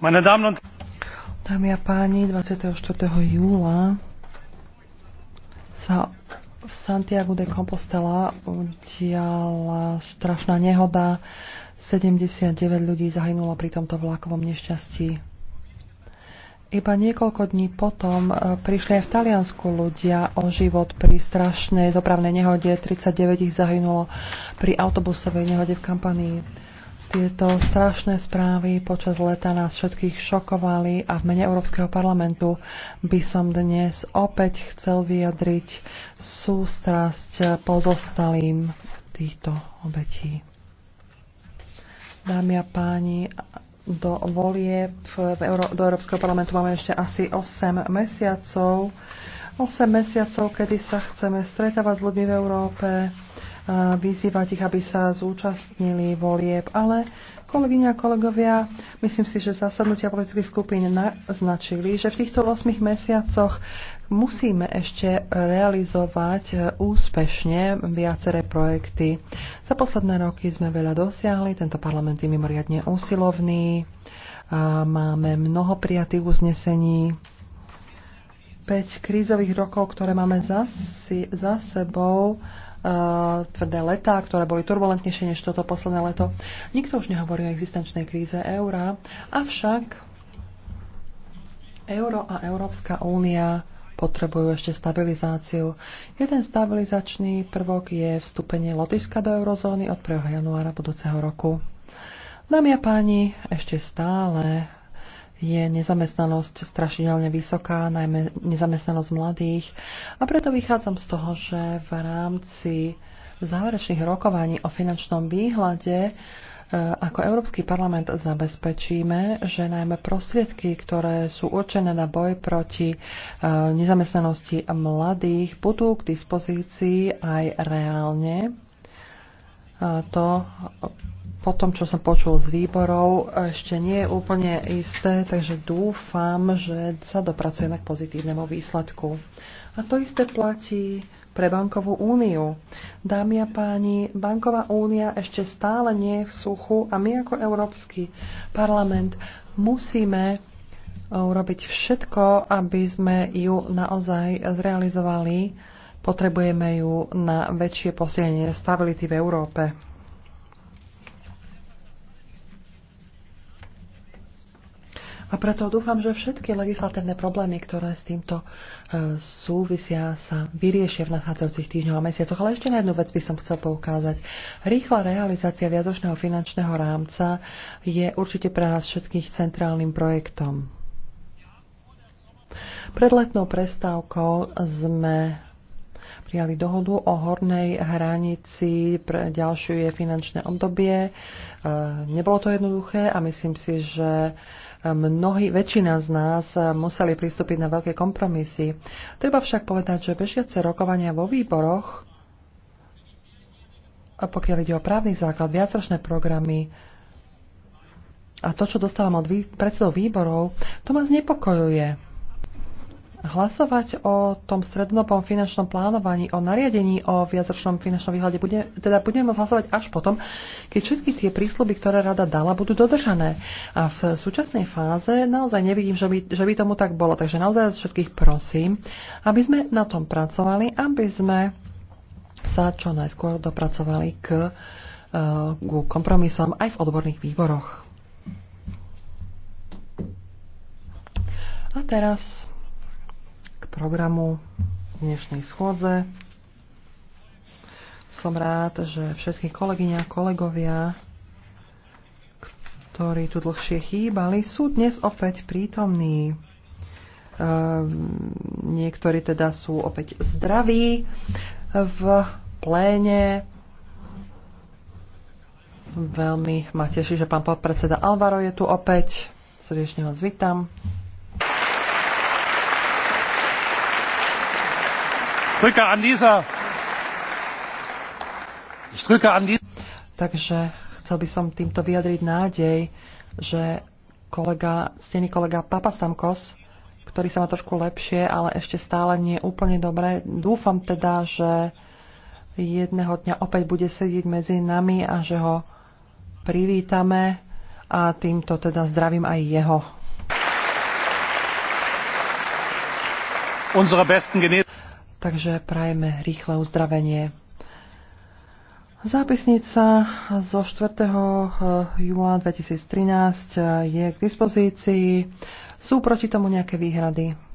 Dámy a páni, 24. júla sa v Santiago de Compostela udiala strašná nehoda. 79 ľudí zahynulo pri tomto vlakovom nešťastí. Iba niekoľko dní potom e, prišli aj v Taliansku ľudia o život pri strašnej dopravnej nehode. 39 ich zahynulo pri autobusovej nehode v kampanii tieto strašné správy počas leta nás všetkých šokovali a v mene Európskeho parlamentu by som dnes opäť chcel vyjadriť sústrasť pozostalým týchto obetí. Dámy a páni, do volieb Euró- do Európskeho parlamentu máme ešte asi 8 mesiacov. 8 mesiacov, kedy sa chceme stretávať s ľuďmi v Európe, vyzývať ich, aby sa zúčastnili volieb. Ale kolegyňa a kolegovia, myslím si, že zasadnutia politických skupín naznačili, že v týchto 8 mesiacoch musíme ešte realizovať úspešne viaceré projekty. Za posledné roky sme veľa dosiahli, tento parlament je mimoriadne úsilovný, a máme mnoho prijatých uznesení, 5 krízových rokov, ktoré máme za, si, za sebou, E, tvrdé letá, ktoré boli turbulentnejšie než toto posledné leto. Nikto už nehovorí o existenčnej kríze eura, avšak euro a Európska únia potrebujú ešte stabilizáciu. Jeden stabilizačný prvok je vstúpenie Lotyšska do eurozóny od 1. januára budúceho roku. Dámy a páni, ešte stále je nezamestnanosť strašidelne vysoká, najmä nezamestnanosť mladých. A preto vychádzam z toho, že v rámci záverečných rokovaní o finančnom výhľade e, ako Európsky parlament zabezpečíme, že najmä prostriedky, ktoré sú určené na boj proti e, nezamestnanosti mladých, budú k dispozícii aj reálne. To po tom, čo som počul z výborov, ešte nie je úplne isté, takže dúfam, že sa dopracujeme k pozitívnemu výsledku. A to isté platí pre bankovú úniu. Dámy a páni, banková únia ešte stále nie je v suchu a my ako Európsky parlament musíme urobiť e, všetko, aby sme ju naozaj zrealizovali. Potrebujeme ju na väčšie posilnenie stability v Európe. A preto dúfam, že všetky legislatívne problémy, ktoré s týmto e, súvisia, sa vyriešia v nadchádzajúcich týždňoch a mesiacoch. Ale ešte na jednu vec by som chcel poukázať. Rýchla realizácia viadočného finančného rámca je určite pre nás všetkých centrálnym projektom. Pred letnou prestávkou sme prijali dohodu o hornej hranici pre ďalšie finančné obdobie. E, nebolo to jednoduché a myslím si, že mnohí, väčšina z nás eh, museli pristúpiť na veľké kompromisy. Treba však povedať, že bežiace rokovania vo výboroch, a pokiaľ ide o právny základ, viacročné programy a to, čo dostávam od vý, predsedov výborov, to ma znepokojuje hlasovať o tom strednopom finančnom plánovaní, o nariadení o viacročnom finančnom výhľade, bude, teda budeme môcť hlasovať až potom, keď všetky tie prísľuby, ktoré rada dala, budú dodržané. A v súčasnej fáze naozaj nevidím, že by, že by tomu tak bolo. Takže naozaj všetkých prosím, aby sme na tom pracovali, aby sme sa čo najskôr dopracovali k, e, k kompromisom aj v odborných výboroch. A teraz programu dnešnej schôdze. Som rád, že všetky kolegyňa a kolegovia, ktorí tu dlhšie chýbali, sú dnes opäť prítomní. Ehm, niektorí teda sú opäť zdraví v pléne. Veľmi ma teší, že pán podpredseda Alvaro je tu opäť. Srdečne vás vítam. Takže chcel by som týmto vyjadriť nádej, že kolega, stený kolega Samkos, ktorý sa má trošku lepšie, ale ešte stále nie úplne dobre. Dúfam teda, že jedného dňa opäť bude sedieť medzi nami a že ho privítame a týmto teda zdravím aj jeho. Unsere besten takže prajeme rýchle uzdravenie. Zápisnica zo 4. Eh, júla 2013 eh, je k dispozícii. Sú proti tomu nejaké výhrady?